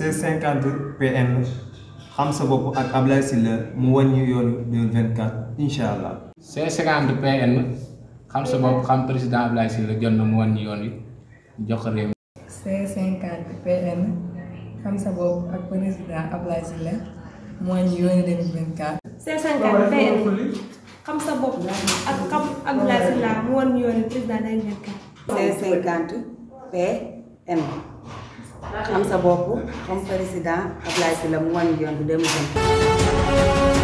C50 PN xam sa bopp ak Ablaye Sylla mu wàññi yoonu 2024 incha allah. C50 PN xam sa bopp xam président Ablaye Sylla jot na mu wàññi yoon wi jox ko réew mi. C50 PN xam sa bopp ak président Ablaye Sylla mu wàññi yoonu 2024. C50 PN xam sa bopp ak xam Ablaye Sylla mu wàññi yoonu président 2024. C50 PN. xam sa bopp comme président Abdoulaye Sylla mu wan yoon bi 2020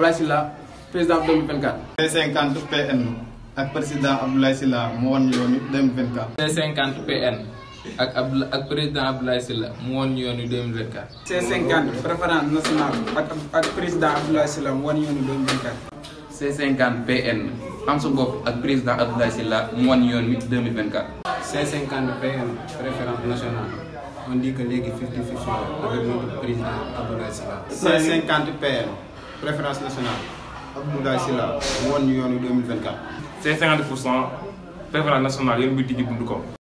Abdoulaye Sylla président 2024. P50 PN ak président Abdoulaye Sylla mu woon yoonu 2024. P50 PN ak Abdou ak président Abdoulaye Sylla mu woon yoonu 2024. C50 préférence nationale ak ak président Abdoulaye Sylla mu woon yoonu 2024. C50 PN am sa bopp ak président Abdoulaye Sylla mu woon yoonu 2024. C50 PN préférence nationale. on dit que léegi 50-50 avec notre président Abdoulaye Sylla. 50 PM. préférence nationale Abdou Ndiaye Sylla woon ñu yoonu 2024. ces 50 pour cent préférence nationale yéen a ngi tijji buntu